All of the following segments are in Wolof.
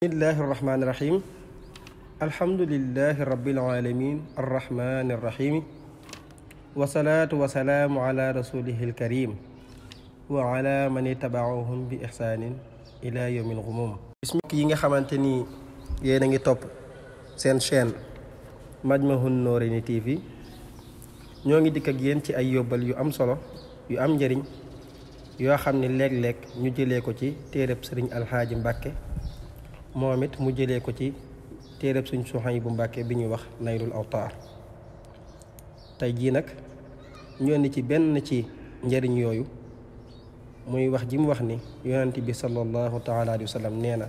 bismillahi irrahmani irrahim alhamdulilahi rabilalamin arrahmani wasalaatu wasalaamu ala rasulihi ilkarim wa ala man itabaahum bi ixsaanin ila yawmil xumum bismik yi nga xamante ni yéen a ngi topp seen chaîne Majmahun Nurayni TV ñoo ngi dikk ak yéen ci ay yóbbal yu am solo yu am njariñ yoo xam ne léeg-léeg ñu jëlee ko ci téereb sëriñ alxaaji mbàkke moom it mu jële ko ci téereb suñ bu Mbàkke bi ñuy wax Naylul Awtaar tey jii nag ñu indi ci benn ci njëriñ yooyu muy wax ji mu wax ni yonent bi sallallahu taala alayhi wa nee na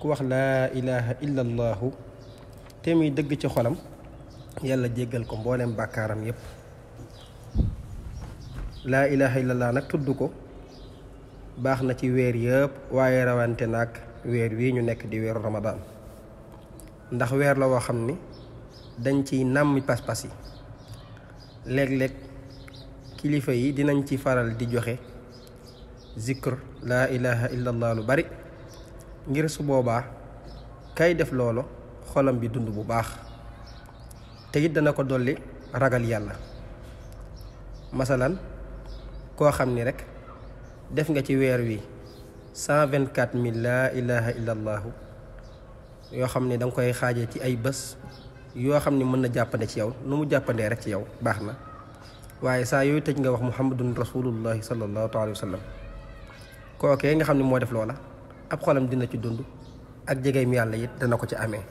ku wax laa ilaha illa dëgg ci xolam yàlla jéggal ko mbooleem bàkkaaram yépp laa ilaha illa nag tudd ko baax na ci weer yëpp waaye rawante nag weer wii ñu nekk di weeru ramadaan ndax weer la woo xam ni dañ ciy nàmmi pas-pas yi léeg-léeg kilifa yi dinañ ci faral di joxe zikr laa ilaha illallah lu bari ngir su boobaa kay def loolu xolam bi dund bu baax te dana ko dolli ragal yàlla masalan koo xam ni rekk def nga ci weer wi cent vingt quatre mille laa ilaha illa allaahu yoo xam ne danga koy xaajee ci ay bés yoo xam ne mën na jàppande ci yow nu mu jàppandee rek ci yow baax na waaye saa yooyu tëj nga wax muhammadun rasulullahi sallallahu taala wa sallam kookee nga xam ne moo def loola ab xolam dina ci dund ak jegeem yàlla it dana ko ci amee